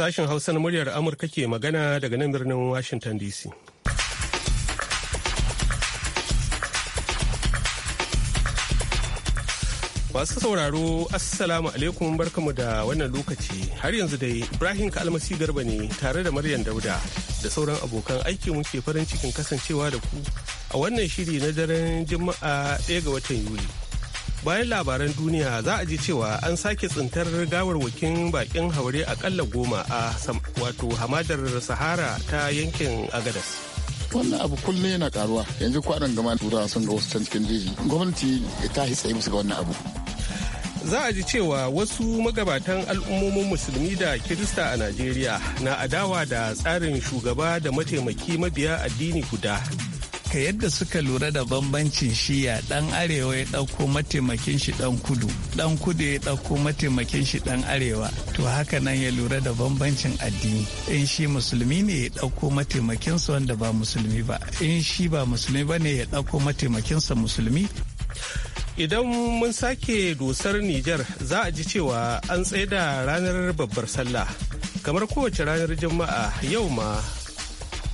Sashen Hausa na muryar Amurka ke magana daga nan birnin Washington DC. Masu sauraro, Assalamu alaikum barkamu da wannan lokaci. Har yanzu dai Ibrahim Kalmasi Garba ne tare da Maryam Dauda da sauran abokan aiki muke farin cikin kasancewa da ku a wannan shiri na daren Juma'a 1 ga watan Yuli. bayan labaran duniya za a ji cewa an sake tsintar gawarwakin bakin haure akalla goma a wato hamadar sahara ta yankin agadas wannan abu kullum yana karuwa yanzu kwanan gama turawa sun ga wasu can cikin jeji gwamnati ta tsaye musu ga wannan abu za a ji cewa wasu magabatan al'ummomin musulmi da kirista a najeriya na adawa da tsarin shugaba da mataimaki mabiya addini guda ka yadda suka lura da bambancin shiya dan arewa ya ɗauko mataimakin shi dan kudu dan kudu ya ɗauko mataimakin shi dan arewa to haka nan ya lura da bambancin addini in shi musulmi ne ya ɗauko sa wanda ba musulmi ba in shi ba musulmi ba ne ya ɗauko sa musulmi idan mun sake dusar Nijar za a ji cewa an tsaye da ranar babbar sallah kamar kowace ranar juma'a yau ma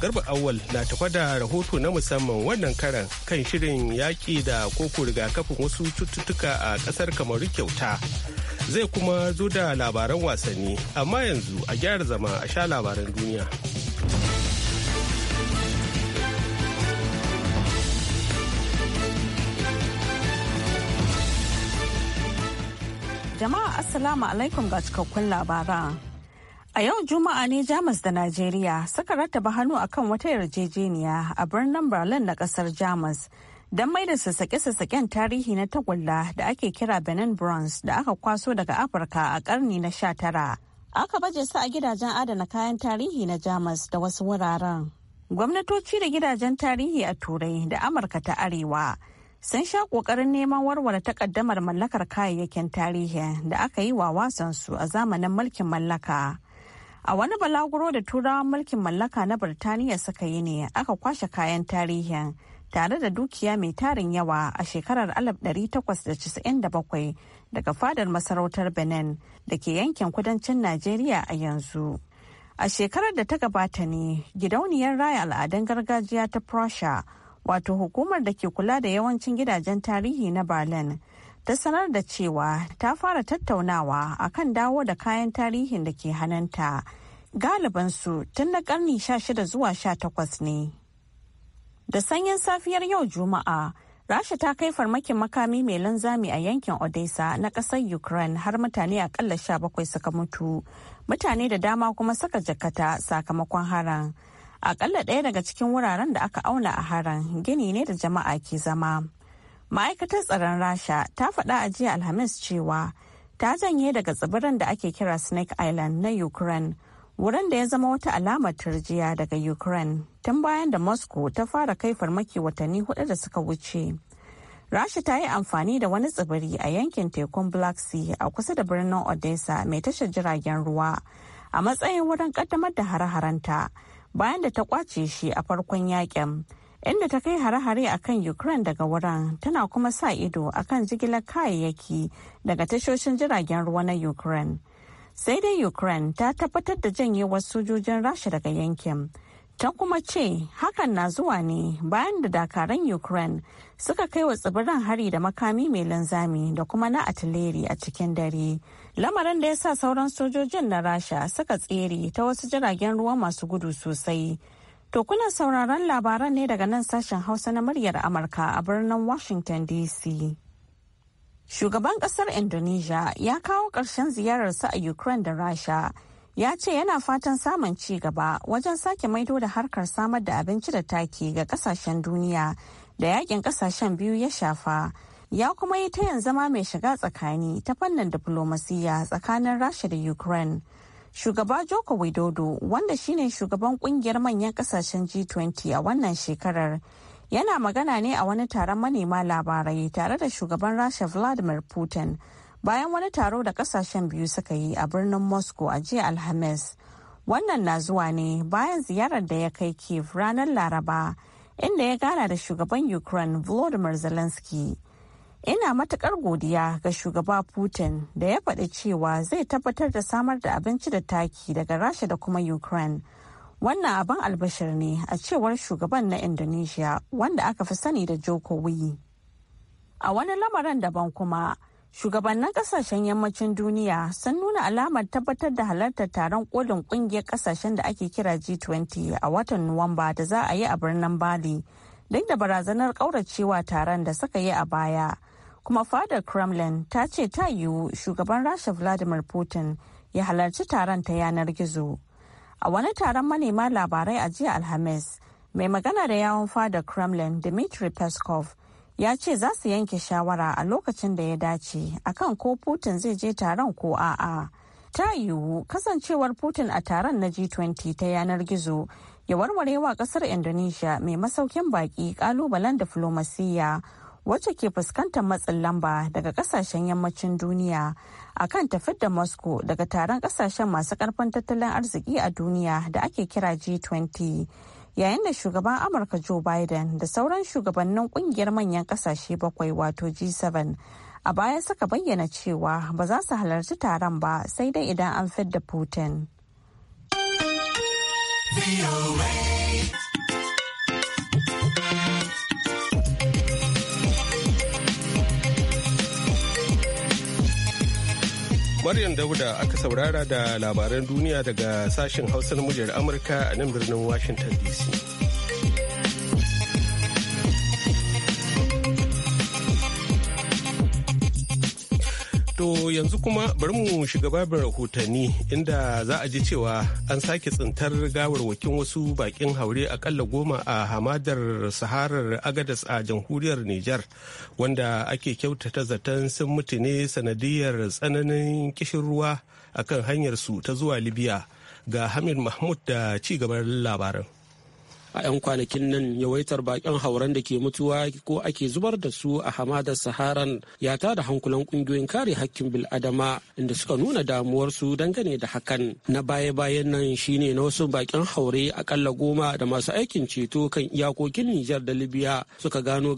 Garba Awal na tafa da rahoto na musamman wannan karan kan shirin yaƙi da koko rigakafin wasu cututtuka a ƙasar Kamaru kyauta. Zai kuma zo da labaran wasanni, amma yanzu a gyara zama a sha labaran duniya. Jama'a Assalamu alaikum ga cikakkun labaran. A yau Juma'a ne Jamus da Najeriya suka rattaba hannu akan wata yarjejeniya a birnin Berlin na kasar Jamus don mai da sassaƙe-sassaƙen tarihi na tagulla da ake kira Benin Bronze da aka kwaso daga Afirka a ƙarni na sha tara. Aka baje su a gidajen adana kayan tarihi na Jamus da wasu wuraren. Gwamnatoci da gidajen tarihi a Turai da Amurka ta Arewa sun sha ƙoƙarin neman warware takaddamar mallakar kayayyakin tarihi da aka yi wa wasansu a zamanin mulkin mallaka. A wani balaguro da turawan mulkin mallaka na Birtaniya suka yi ne aka kwashe kayan tarihin tare da dukiya mai tarin yawa a shekarar 1897 daga fadar masarautar Benin da ke yankin kudancin Najeriya a yanzu. A shekarar da ta gabata ne gidauniyar raya al'adun gargajiya ta Prussia wato hukumar da ke kula da yawancin gidajen tarihi na Berlin ta sanar da cewa ta fara tattaunawa a kan dawo da kayan tarihin da ke hannunta galibansu tun na karni 16 zuwa 18 ne da sanyin safiyar yau juma'a rasha ta kai farmakin makami mai linzami a yankin odessa na kasar ukraine har mutane akalla 17 suka mutu mutane da dama kuma suka jakata sakamakon haran aƙalla ɗaya daga cikin wuraren da aka auna a haran gini ne da jama'a ke zama ma'aikatar tsaron rasha ta faɗa a jiya alhamis cewa ta janye daga tsibirin da ake kira snake island na ukraine wurin da ya zama wata alamar turjiya daga ukraine tun bayan da moscow ta fara kai farmaki watanni hudu da suka wuce rasha ta yi amfani da wani tsibiri a yankin tekun black sea a kusa da birnin odessa mai tashar jiragen ruwa a matsayin wurin kaddamar da hare-harenta bayan da ta kwace shi a farkon yakin inda ta kai hare-hare a kan ukraine daga wurin tana kuma sa ido a kan jigilar kayayyaki daga tashoshin jiragen ruwa na ukraine sai dai ukraine ta tabbatar da janyewar sojojin rasha daga yankin ta kuma ce hakan na zuwa ne bayan da dakaran ukraine suka kai wa tsibiran hari da makami mai linzami da kuma na atileri a cikin dare lamarin da ya sa sauran sojojin na rasha suka tsere ta wasu jiragen ruwa masu gudu sosai To kuna sauraron labaran ne daga nan sashen Hausa na muryar Amurka a birnin Washington DC. Shugaban kasar Indonesia ya kawo ƙarshen ziyararsa a Ukraine da Rasha. Ya ce yana fatan samun ci gaba wajen sake maido da harkar samar da abinci da taki ga kasashen duniya da yakin kasashen biyu ya shafa. Ya kuma yi ta yin zama mai shiga tsakani ta fannin diflomasiyya tsakanin Rasha da Ukraine. Shugaba Joko Widodo wanda shine shugaban kungiyar manyan kasashen G20 a wannan shekarar yana magana ne a wani taron manema labarai tare da shugaban Rasha Vladimir Putin bayan wani taro da kasashen biyu suka yi a birnin Moscow a jiya Alhamis. Wannan na zuwa ne bayan ziyarar da ya kai Kiev ranar Laraba inda ya gana da shugaban Ukraine Volodymyr Zelensky. ina matukar godiya ga shugaba putin da ya faɗi cewa zai tabbatar da samar da abinci da taki daga rasha da kuma ukraine wannan abin albashir ne a cewar shugaban na indonesia wanda aka fi sani da jokowi a wani lamarin daban kuma shugabannin kasashen yammacin duniya sun nuna alamar tabbatar da halartar taron kolin kungiyar kasashen da ake kira g20 a watan nuwamba da za a yi a birnin bali duk da barazanar kauracewa taron da suka yi a baya kuma fadar kremlin ta ce ta yiwu shugaban rasha vladimir putin ya halarci taron ta yanar gizo a wani taron manema labarai a jiya alhamis mai magana da yawon fadar kremlin dmitry peskov ya ce za su yanke shawara a lokacin da ya dace akan ko putin zai je taron ko a'a ta yiwu kasancewar putin a taron na g20 ta yanar gizo ya warware wa kasar indonesia mai masaukin baki kalubalen diflomasiya wacce ke fuskantar matsin lamba daga kasashen yammacin duniya akan tafid da moscow daga taron kasashen masu karfin tattalin arziki a duniya da ake kira g20 yayin da shugaban amurka joe biden da sauran shugabannin kungiyar manyan kasashe bakwai wato g7 a baya suka bayyana cewa ba za su halarci taron ba sai dai idan an fidda putin Maryam Dauda aka saurara da labaran duniya daga sashen Hausa na muryar Amurka a nan birnin Washington DC. To yanzu kuma bari mu shiga babin rahotanni inda za a ji cewa an sake tsintar gawarwakin wasu bakin haure akalla goma a hamadar Saharar Agadas a jamhuriyar Nijar wanda ake kyautata zaton sun mutu ne sanadiyar tsananin kishin ruwa akan hanyar su ta zuwa Libya ga Hamid Mahmud da ci gaban labarin. a 'yan kwanakin nan yawaitar bakin hauren da ke mutuwa ko ake zubar da su a hamadar saharan ya ta da hankulan kungiyoyin kare hakkin bil'adama inda suka nuna damuwarsu dangane da hakan na baya-bayan nan shine na wasu bakin haure akalla goma da masu aikin ceto kan iyakokin nijar da libya suka gano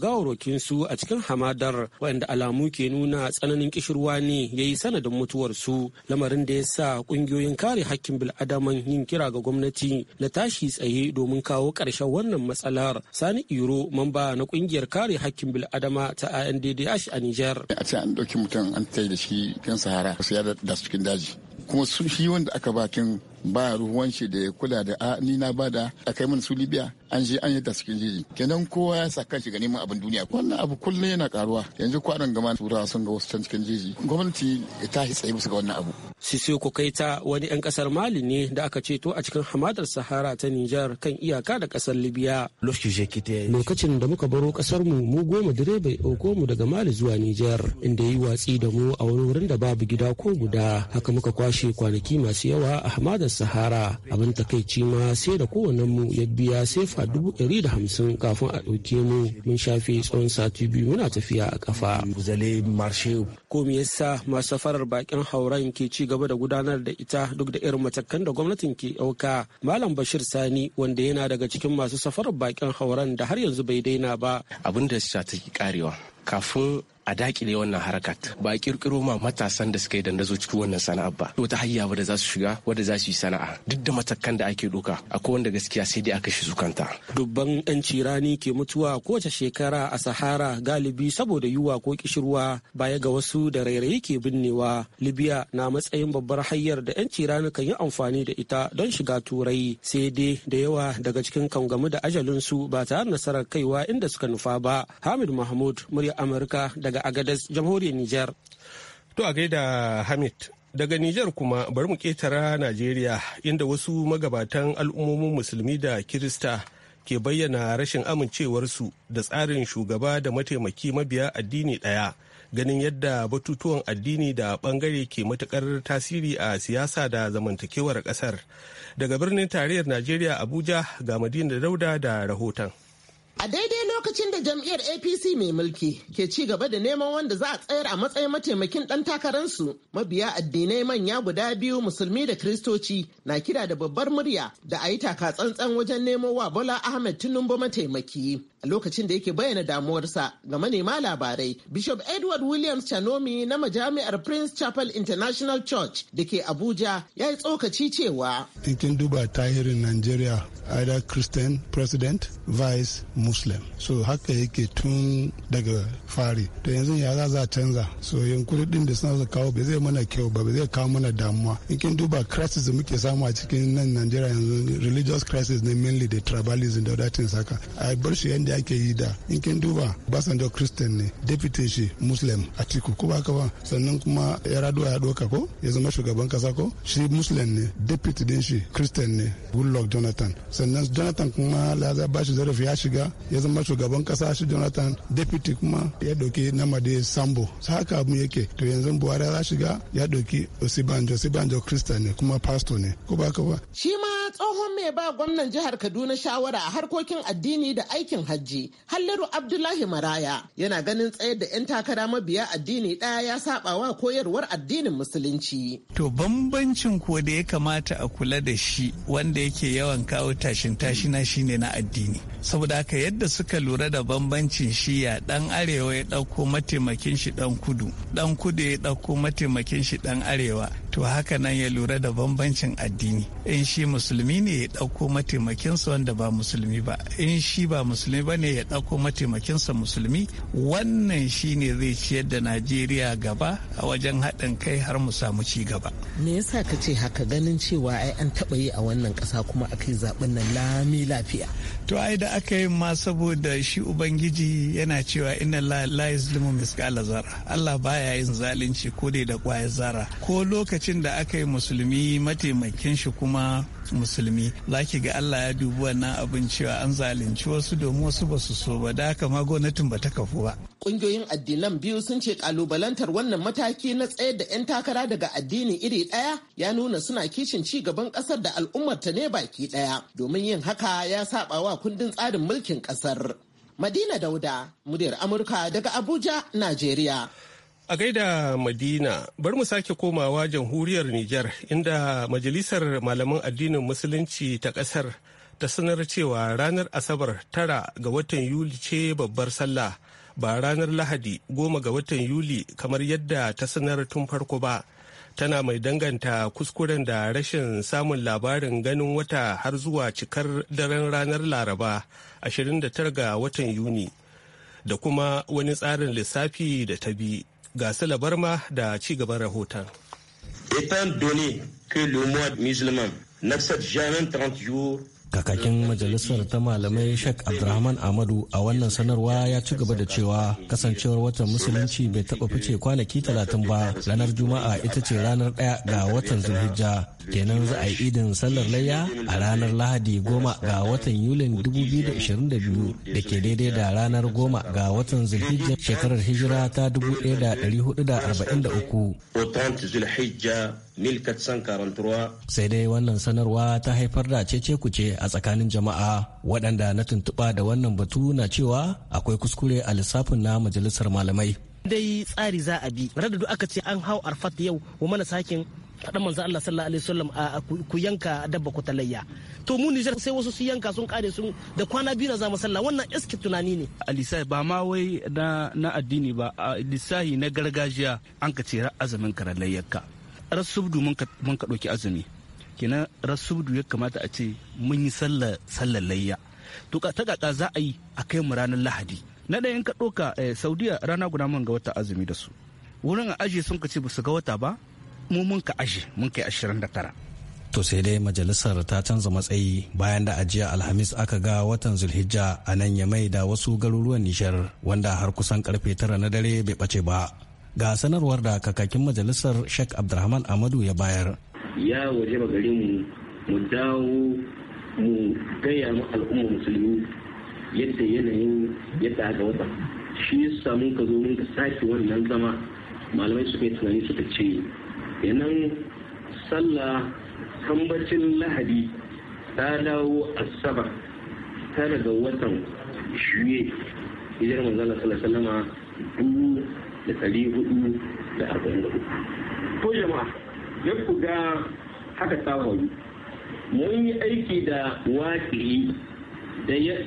su a cikin hamadar wanda alamu ke nuna tsananin kishirwa ne ya yi sanadin su lamarin da ya sa kungiyoyin kare hakkin bil'adaman yin kira ga gwamnati na tashi tsaye domin kawo ƙarshen wannan matsalar sani iro mamba na ƙungiyar kare hakkin bil'adama ta andh a niger a ce an ɗauki mutum an tai da shi kan sahara su ya da cikin daji kuma su shi wanda aka bakin ba ruwan shi da ya kula da a ni na bada a kai mana su libya an je an yi ta cikin jeji kenan kowa ya sa kanshi ga neman abin duniya wannan abu kullum yana karuwa yanzu kwanan gama turawa sun ga wasu can cikin jeji gwamnati ta yi tsaye musu ga wannan abu sisoko ta wani yan kasar mali ne da aka ceto a cikin hamadar sahara ta nijar kan iyaka da kasar libya lokacin da muka baro kasar mu mu goma direbai ɗauko mu daga mali zuwa nijar inda yi watsi da mu a wani wurin da babu gida ko guda haka muka kwashe kwanaki masu yawa a hamadar sahara abin takaici ma sai da kowane mu ya biya sefa dubu ɗari da hamsin kafin a ɗauke mu mun shafe tsawon sati biyu muna tafiya a ƙafa. ko me yasa masu safarar bakin hauren ke ci gaba da gudanar da ita duk da irin matakan da gwamnatin ke ɗauka malam bashir sani wanda yana daga cikin masu safarar bakin hauren da har yanzu bai daina ba abin da ta karewa kafin a dakile wannan harakat ba kirkiro ma matasan da suka yi dandazo cikin wannan sana'a ba wata hayya wadda za su shiga wadda za su yi sana'a duk da matakan da ake doka akwai wanda gaskiya sai dai aka shi zukanta dubban yan cirani ke mutuwa kowace shekara a sahara galibi saboda yiwuwa ko kishirwa baya ga wasu da rairayi ke binnewa libya na matsayin babbar hayar da yan cirani kan yi amfani da ita don shiga turai sai dai da yawa daga cikin kangamu da ajalinsu ba tare nasarar kaiwa inda suka nufa ba hamid mahmud murya amurka daga daga agadas jamhuriyar Nijar. To a gaida Hamid daga Nijar kuma bari mu ketara Najeriya inda wasu magabatan al'ummomin musulmi da Kirista ke bayyana rashin amincewarsu da tsarin shugaba da mataimaki mabiya addini ɗaya ganin yadda batutuwan addini da ɓangare ke matuƙar tasiri a siyasa da zamantakewar ƙasar. Daga birnin tarayyar Najeriya Abuja ga Madina Dauda da rahoton. A daidai lokacin da jam'iyyar APC mai mulki ke ci gaba da neman wanda za a tsayar a matsayin mataimakin ɗan takararsu mabiya addinai manya guda biyu musulmi da kristoci na kira da babbar murya da a yi taka tsantsan wajen nemo wa Bola Ahmed Tinubu mataimaki. a lokacin da yake bayyana damuwarsa ga manema labarai bishop edward williams chanomi na majami'ar prince chapel international church da ke abuja ya yi tsokaci cewa in duba tahirin nigeria either christian president vice muslim so haka yake tun daga fari to yanzu ya za a canza so yin din da suna kawo ba zai mana kyau ba ba zai kawo mana damuwa in duba crisis da muke samu a cikin nan nigeria yanzu religious crisis ne mainly da tribalism da wadatin saka a bar shi yanda da ake yi da in kin duba basanjo christian ne deputy shi muslim a tiku ko ba ka ba sannan kuma ya raduwa ya doka ko ya zama shugaban kasa ko shi muslim ne deputy din shi christian ne goodluck jonathan sannan jonathan kuma laza ba shi zarafi ya shiga ya zama shugaban kasa shi jonathan deputy kuma ya doki namade sambo haka mu yake to yanzu buhari ya shiga ya doki osibanjo osibanjo christian ne kuma pastor ne ko ba ka ba shi ma tsohon mai ba gwamnan jihar kaduna shawara a harkokin addini da aikin hajji Alhaji halliru abdullahi maraya yana ganin tsayar da 'yan takara mabiya addini ɗaya ya saba wa koyarwar addinin musulunci to bambancin ko da ya kamata a kula da shi wanda yake yawan kawo tashin tashina shine na addini saboda haka yadda suka lura da bambancin shi ya ɗan arewa ya ɗauko mataimakin shi ɗan kudu ɗan kudu ya ɗauko mataimakin shi ɗan arewa to haka nan ya lura da bambancin addini in shi musulmi ne ya ɗauko mataimakinsa wanda ba musulmi ba in shi ba musulmi ba ne ya ɗauko mataimakinsa musulmi wannan shi ne zai ciyar da najeriya gaba a wajen haɗin kai har mu samu ci gaba me yasa ka ce haka ganin cewa ai an taɓa yi a wannan ƙasa kuma aka yi zaɓen nan lami lafiya to ai da aka yi ma saboda shi ubangiji yana cewa inna la yuzlimu misqala zara Allah baya yin zalunci ko da kwaya zara ko lokaci lokacin da aka yi musulmi mataimakin shi kuma musulmi zaki ga Allah ya dubi wannan abin cewa an zalunci wasu domin wasu ba su so ba da haka ma gwamnatin ba ta kafu ba. ƙungiyoyin addinan biyu sun ce kalubalantar wannan mataki na tsayar da 'yan takara daga addini iri ɗaya ya nuna suna kishin ci gaban ƙasar da al'ummarta ne baki ɗaya domin yin haka ya saba wa kundin tsarin mulkin ƙasar. Madina Dauda, muryar Amurka daga Abuja, Najeriya. A gaida Madina, bari mu sake komawa jamhuriyar Nijar inda Majalisar Malaman Addinin Musulunci ta kasar ta sanar cewa ranar Asabar tara ga watan Yuli ce babbar sallah ba ranar Lahadi goma ga watan Yuli kamar yadda ta sanar tun farko ba. Tana mai danganta kuskuren da rashin samun labarin ganin wata har zuwa cikar daren ranar Laraba 29 ga watan Yuni da kuma wani tsarin lissafi da ta bi ga Barma da ci gaban rahoton. etan donné que le musulman na jami'in kakakin majalisar ta malamai sheikh abdulrahman ahmadu a wannan sanarwa ya ci gaba da cewa kasancewar watan musulunci bai taɓa fice kwanaki talatin ba ranar juma'a ita ce ranar ɗaya ga watan zulhijja kenan za a yi idin sallar layya a ranar lahadi goma ga watan yulin 2022 da ke daidai da ranar goma ga watan zulhijja shekarar hijira ta 1443 sai dai wannan sanarwa ta haifar da cece kuce a tsakanin jama'a waɗanda na tuntuɓa da wannan batu na cewa akwai kuskure a lissafin na majalisar malamai dai tsari za a bi radadu aka ce an hau arfat yau wa mana sakin faɗan manzo Allah sallallahu alaihi wasallam ku yanka dabba ku talayya to mu Niger sai wasu su yanka sun kare sun da kwana biyu na zama sallah wannan iski tunani ne alisai ba ma wai na na addini ba lissahi na gargajiya an ka ce azumin karalayyarka rasubdu mun ka mun ka doki azumi kenan rasubdu ya kamata a ce mun yi sallah sallar layya to ta kaka za a yi a kai mu ranar lahadi na ɗaya in ka ɗauka eh, saudiya rana guda mun ga wata azumi da su wurin a ajiye sun ka ce ba su ga wata ba mu mun ka aji mun kai ashirin da tara to sai dai majalisar ta canza matsayi bayan da ajiya alhamis aka ga watan zulhijja a nan ya mai da wasu garuruwan nishar wanda har kusan karfe tara na dare bai bace ba ga sanarwar da kakakin majalisar sheikh abdulrahman amadu ya bayar ya waje gare mu mu dawo mu gaya mu al'umma musulmi yadda yanayin yadda aka wata shi yasa mun ka zo mun ka sake wannan zama malamai suka yi tunani suka ce kenan sallah sambacin lahadi ta dawo asabar ta daga watan shuye hijirar manzala salama dubu da tsari hudu da arba'in da hudu ko jama'a ya ku ga haka ta faru mun yi aiki da waƙi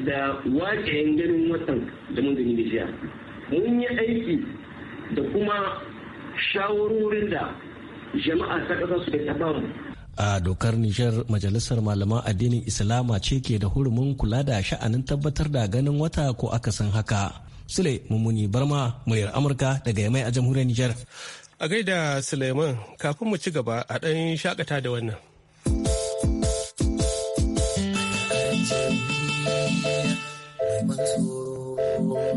da waƙiyan ganin watan da mun gani da jiya mun yi aiki da kuma shawarorin da jama'a ta ƙasa su da a dokar Nijar majalisar malaman addinin Islama ce ke da hurumin kula da sha'anin tabbatar da ganin wata ko akasin haka. Sule Mummuni Barma muryar Amurka daga Yamai a jamhuriyar Nijar. A gaida Suleiman kafin mu ci gaba a ɗan shakata da wannan.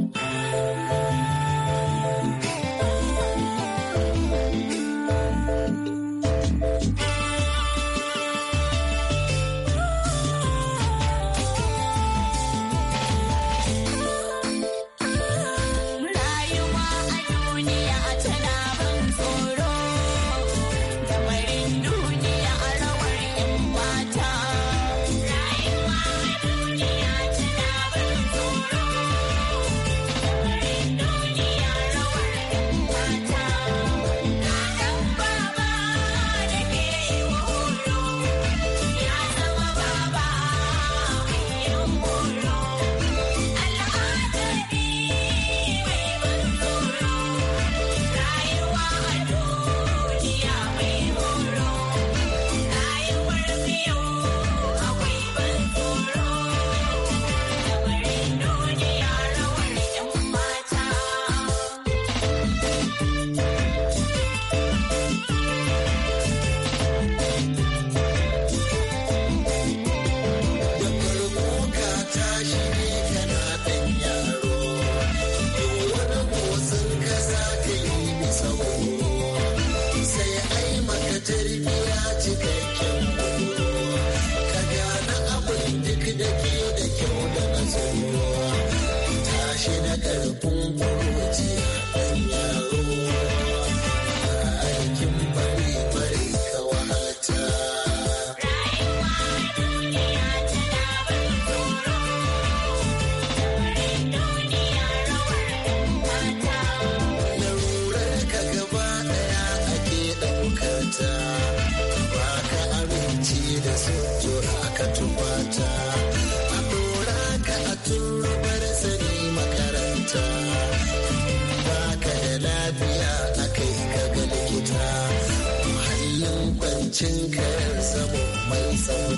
Thank you.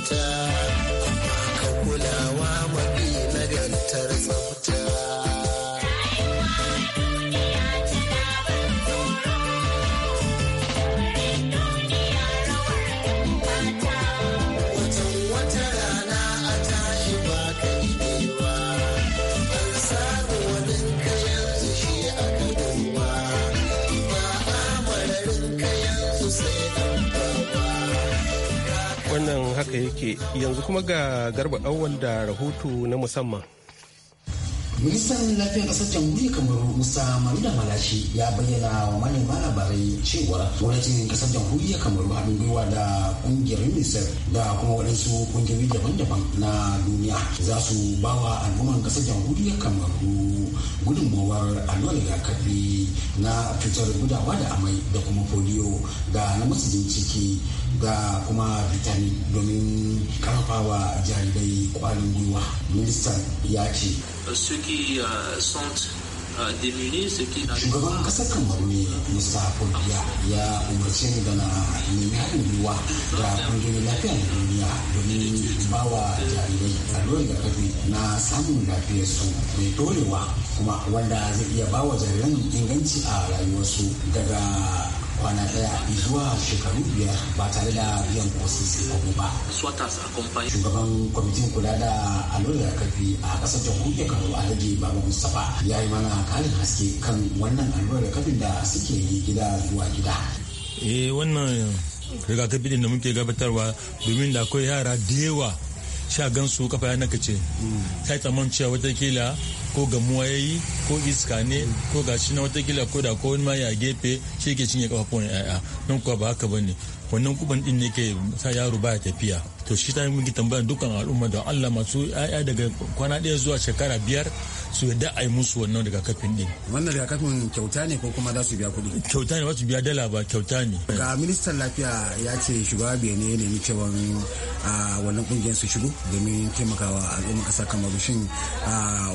ta yanzu kuma ga garba awal da rahoto na musamman ministan lafiyar kasar jamhuriyar kamaru musa maruda malashi ya bayyana wa manema labarai cewa gwamnatin kasar jamhuriyar kamaru haɗin gwiwa da ƙungiyar unicef da kuma waɗansu ƙungiyoyi daban-daban na duniya za su ba wa al'umman kasar jamhuriyar kamaru gudunmawar allon rigakafi na cutar gudawa da amai da kuma polio da na macijin ciki da kuma vitamin domin karfawa jarirai kwarin gwiwa ministan ya ce ceux euh, shugaban kasar kamaru ne mista ya umarci ni da na nemi haɗin gwiwa da ƙungiyoyin lafiya na duniya domin ba wa jarirai allurar da kafi na samun su mai dorewa kuma wanda zai iya ba wa jariran inganci a rayuwarsu daga kwana daya zuwa shekaru biyar ba tare da biyan kwasi su ba. Shugaban kwamitin kula da allurar karfi a kasar jamhuriyar Kano rage babu Mustapha ya yi mana kalin haske kan wannan da kafin da suke yi gida zuwa gida. Eh wannan rigakafi da muke gabatarwa domin da akwai yara da yawa sha gan su kafa yana kace ta yi tsammanin cewa watakila ko gamuwa ya yi ko iska ne ko shi na watakila ko da ko ma ya gefe shi ke cinye kafafuwan ya'ya nan kuwa ba haka ba ne wannan kuban din ne ke sa yaro baya tafiya to shi ta muke tambaya dukkan al'umma da Allah masu ya'ya daga kwana ɗaya zuwa shekara biyar su yadda a yi musu wannan kafin din. Wannan kafin kyauta ne ko kuma za su biya kuɗi? Kyauta ne wasu biya dala ba kyauta ne. Ga ministan lafiya ya ce shugaba ne ne ni cewa wannan kungiyar su shigo domin taimakawa al'umma ƙasa kamar shin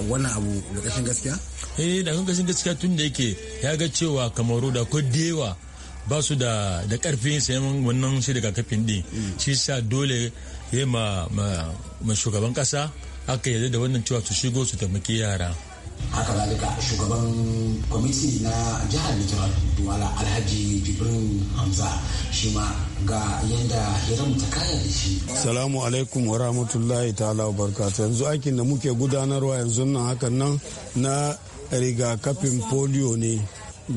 wannan abu da ƙashin gaskiya? Eh da ƙashin gaskiya tun da yake ya ga cewa Kamaru da ko da yawa ba su da da karfin sayan wannan shi kafin din mm. shi sa dole ya ma ma shugaban kasa aka yarda da wannan cewa su shigo su taimaki yara haka zalika shugaban kwamiti na jihar nijar duwala alhaji jibrin hamza shi ma ga yadda hiram ta kaya da shi salamu alaikum wa rahmatullahi ta'ala wa barkatu yanzu aikin da muke gudanarwa yanzu nan hakan nan na rigakafin polio ne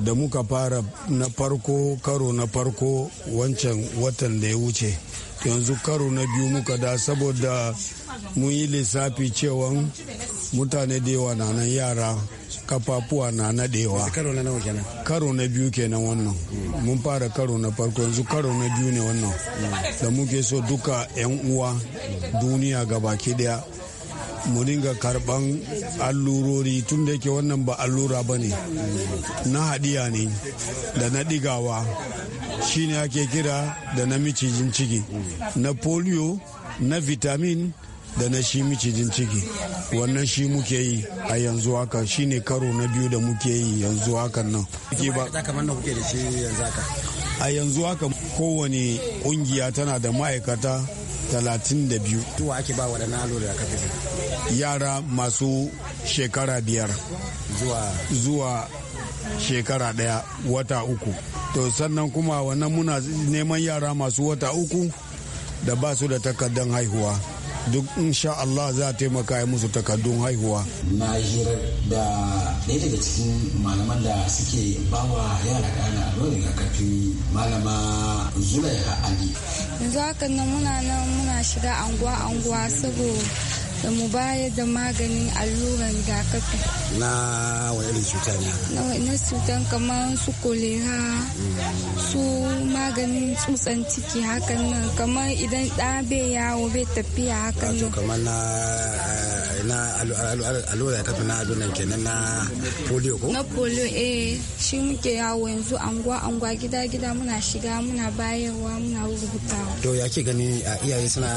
da muka fara na farko karo na farko wancan watan da ya wuce yanzu karo na biyu muka da saboda mun yi lissafi cewa mutane da yawa na nan yara kafafuwa na nadewa karo na biyu kenan wannan mun fara karo na farko yanzu karo na biyu ne wannan da muke so duka 'yan uwa duniya gabaki daya mu karban allurori tun da yake wannan ba allura ba ne na haɗiya ne da na digawa shine ake kira da na micijin ciki na polio na vitamin da na shi micijin ciki wannan shi muke yi a yanzu haka shine karo na biyu da muke yi yanzu hakan nan a yanzu haka kowane kungiya tana da ma'aikata talatin da biyu. Tuwa ake ba waɗannan alo da aka fi Yara masu shekara biyar. Zuwa. shekara ɗaya wata uku. To sannan kuma wannan muna neman yara masu wata uku da ba su da takardar haihuwa. duk insha Allah za a taimaka ya musu takardun haihuwa. Na hira da ɗaya daga cikin malaman da suke bawa yara ƙana allurar rigakafi malama Zulaiha Ali. Yanzu haka nan muna nan muna shiga anguwa anguwa saboda da mu bayar da maganin allurar rigakafi na wani cuta ne na cutan kamar su kolera su maganin tsutsan ciki hakan nan kamar idan ɗabe bai yawo bai tafiya hakan nan kamar na eh, na allurar rigakafi na adunan kenan na polio ko na polio eh shi muke yawo yanzu anguwa anguwa gida gida muna shiga muna bayarwa muna rubutawa to ya ke gani iyaye suna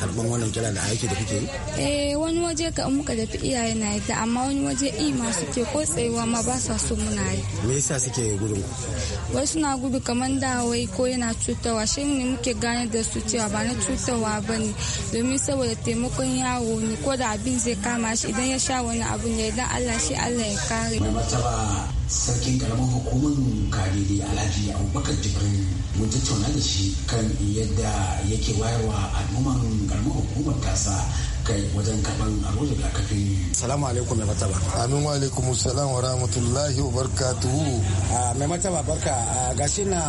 karban wannan kira da aiki da kuke yi eh wani waje ka muka da iyaye na yadda amma wani waje ima suke ko tsayuwa ma ba sa so muna yi me yasa suke gudu wai suna gudu kamar da wai ko yana cutawa shi ne muke gane da su cewa ba na cutarwa ba ne domin saboda taimakon yawo ne ko da abin zai kama shi idan ya sha wani abu ne idan Allah shi Allah ya kare sarkin karamar hukumar da alhaji abubakar jibrin mun tattauna da shi kan yadda yake wayarwa al'umman karamar hukumar tasa kai wajen karban abin rigakafi. Salamu alaikum mai mataba. Amin wa alaikum salam wa rahmatullahi wa barakatuhu. Ah, mai mataba barka ah, gashi na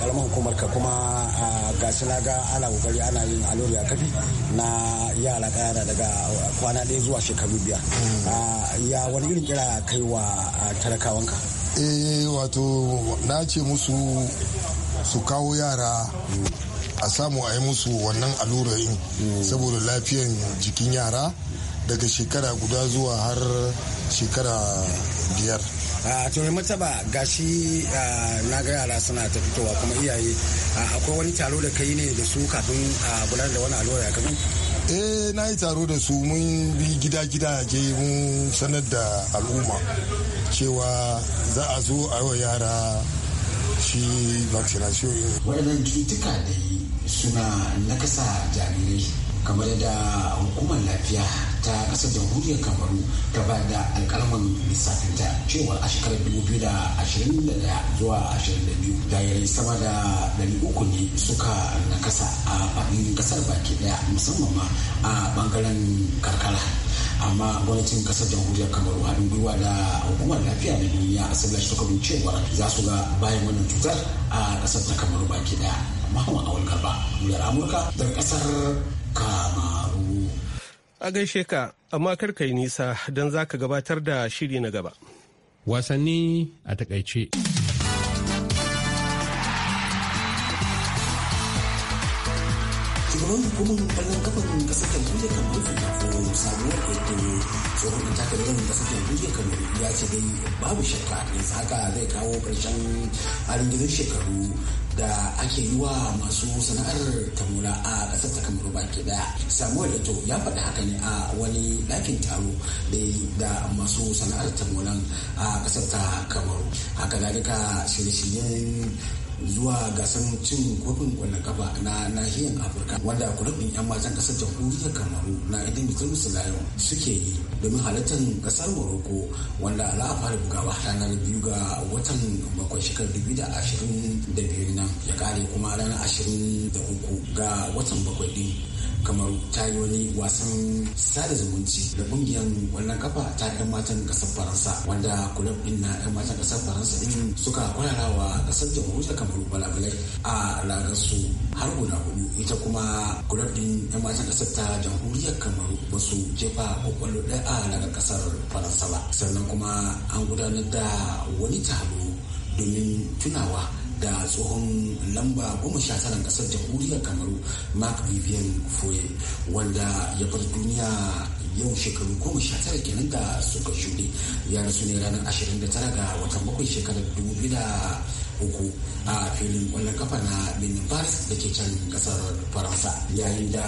karamar hukumar ka kuma ah, gashi na ga ana kokari ana yin allo rigakafi na yara ƙanana daga kwana ɗaya zuwa shekaru biyar. Hmm. Ya wani irin kira kai wa talakawanka? Eh wato na ce musu su kawo yara hmm. a samu a yi musu wannan allurarin saboda lafiyan jikin yara daga shekara guda zuwa har shekara biyar a to mai mataba shi na ga yara suna ta fitowa kuma iyaye akwai wani taro da kai ne da su kafin a gudanar da wani allura ya kafin eh na yi taro da su mun bi gida-gida je mun sanar da al'umma cewa za a zo a yara shi vaccination waɗannan cutuka da yi suna nakasa jarirai kamar da hukumar lafiya ta kasar jamhuriyar kamaru ta ba da alkalman lissafin ta cewa a shekarar 2021 zuwa da dayarai sama da 300 ne suka nakasa a fadin kasar baki daya musamman ma a bangaren karkara amma gwamnatin kasar jamhuriyar kamaru haɗin gwiwa da hukumar lafiya na duniya a sabila suka bin cewa za su ga bayan wannan cutar a kasar ta kamaru baki daya mahimman awal garba wuyar amurka daga kasar kamaru a gaishe ka amma kar yi nisa don za ka gabatar da shiri na gaba wasanni a takaice shugaban hukumar kwallon kafan kasar jamhuriyar kamaru ko samuwar eto tsohon da taka gidan kasar jamhuriyar kamaru ya ce dai babu shakka ne haka zai kawo ƙarshen harin shekaru da ake yi wa masu sana'ar tamura a ƙasar ta kamaru baki daya da to ya faɗi haka ne a wani ɗakin taro da masu sana'ar tamuran a ƙasar ta kamaru haka zalika shirye-shiryen zuwa gasan cin kofin kwallon kafa na nahiyar afirka wanda kurabin yan matan kasar jamhuriyar kamaru na idin bitrus lion suke yi domin halartar kasar morocco wanda ala fara bugawa ranar biyu ga watan bakwai shekar dubu da ashirin da biyu nan ya kare kuma ranar ashirin da uku ga watan bakwai din kamar ta yi wani wasan sada zumunci da kungiyar wannan kafa ta 'yan matan kasar faransa wanda kulab din na 'yan matan kasar faransa din suka wa kasar jamhuriyar kamaru balabalai a lagarsu su har guda hudu ita kuma kulab din 'yan matan kasar ta jamhuriyar kamar ba su jefa kwakwallo ɗaya a ragar kasar faransa ba sannan kuma an gudanar da wani taro domin tunawa da tsohon lamba goma sha tsaron kasar jamhuriyar kamaru mark vivian foye wanda ya bar duniya yau shekaru goma sha tara kenan da suka shuɗe ya rasu ne ranar ashirin da tara ga watan bakwai shekarar dubu biyu da uku a filin wannan kafa na Benin paris da ke can kasar faransa yayin da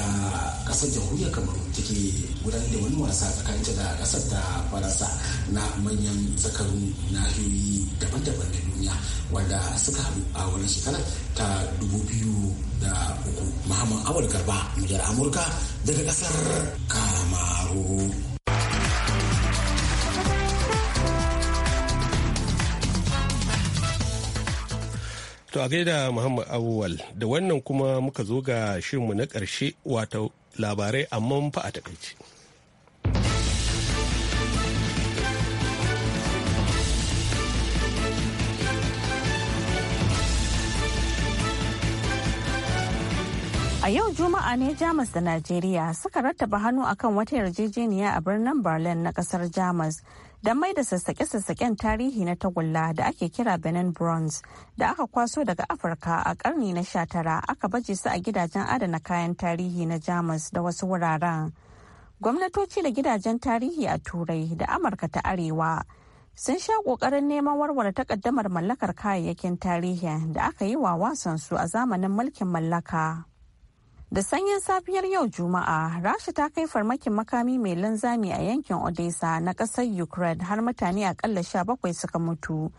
kasar jamhuriyar kamaru take gudanar da wani wasa tsakanin da kasar ta faransa na manyan zakarun nahiyoyi daban-daban na duniya wanda suka haɗu a wani shekara ta dubu biyu da uku muhammad awal garba mujar amurka daga kasar kamaru To a gaida Muhammad Awwal da wannan kuma muka zo ga shirinmu na ƙarshe wato labarai amma fa a takaice. A yau Juma'a ne Jamus da Najeriya suka rattaba hannu akan wata yarjejeniya a birnin Berlin na kasar Jamus da mai da sassaƙe-sassaƙen tarihi na tagulla da ake kira Benin Bronze da aka kwaso daga Afirka a ƙarni na sha tara aka baje su a gidajen adana kayan tarihi na Jamus da wasu wuraren. Gwamnatoci da gidajen tarihi a Turai da Amurka ta Arewa sun sha ƙoƙarin neman warware takaddamar mallakar kayayyakin tarihi da aka yi wa wasansu a zamanin mulkin mallaka. Da sanyin safiyar yau Juma'a, Rasha ta kai farmakin makami mai linzami a yankin Odessa na ƙasar Ukraine har mutane akalla sha bakwai suka mutu.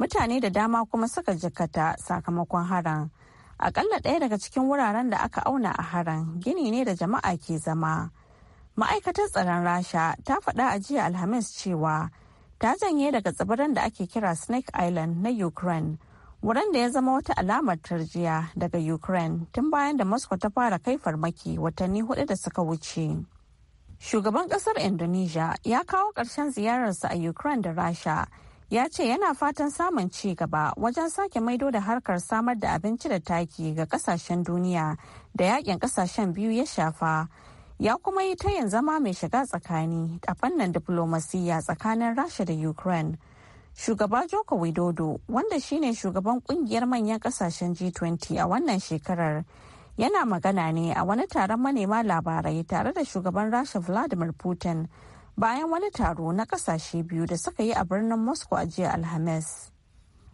Mutane da dama kuma suka jikata sakamakon haran. Akalla ɗaya daga cikin wuraren da aka auna a haran gini ne da jama'a ke zama. Ma'aikatar tsaron Rasha ta faɗa a jiya Alhamis cewa ta janye daga tsibiran da ake kira Snake Island na Ukraine wurin da ya zama wata alamar tarjiya daga ukraine tun bayan da moscow ta fara kai farmaki watanni hudu da suka wuce shugaban kasar indonesia ya kawo ƙarshen ziyararsa a ukraine da rasha ya ce yana fatan samun ci gaba wajen sake maido da harkar samar da abinci da taki ga kasashen duniya da yakin kasashen biyu ya shafa ya kuma yi tayin zama mai shiga tsakani a fannin diflomasiyya tsakanin rasha da ukraine Shugaba Joko Widodo, wanda shine shugaban kungiyar manyan kasashen G20 a wannan shekarar, yana magana ne a wani taron manema labarai tare da shugaban Rasha Vladimir Putin bayan wani taro na kasashe biyu da suka yi a birnin Moscow a jiya Alhamis.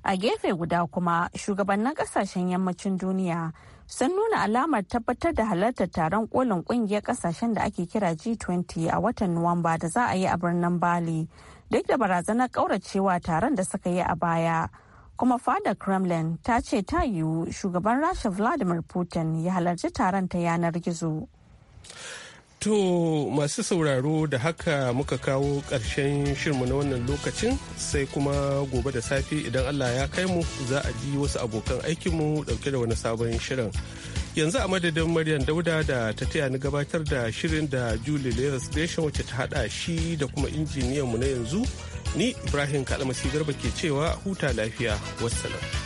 A gefe guda kuma, shugabannin kasashen yammacin duniya sun nuna alamar tabbatar da halartar taron kolin kungiyar kasashen da ake kira G20 a watan Nuwamba da za a yi a birnin Bali. duk da barazanar ƙauracewa taron da suka yi a baya kuma fada kremlin ta ce ta yiwu shugaban rasha vladimir putin ya halarci taron ta yanar gizo To masu sauraro da haka muka kawo ƙarshen shirmu na wannan lokacin sai kuma gobe da safe idan Allah ya kai mu za a ji wasu abokan aikinmu ɗauke da wani sabon shirin. yanzu a madadin maryam dauda da ta taya ni gabatar da shirin da julie leras gresham wacce ta hada shi da kuma injiniyanmu na yanzu ni ibrahim kalmasi garba ke cewa huta lafiya wassalam.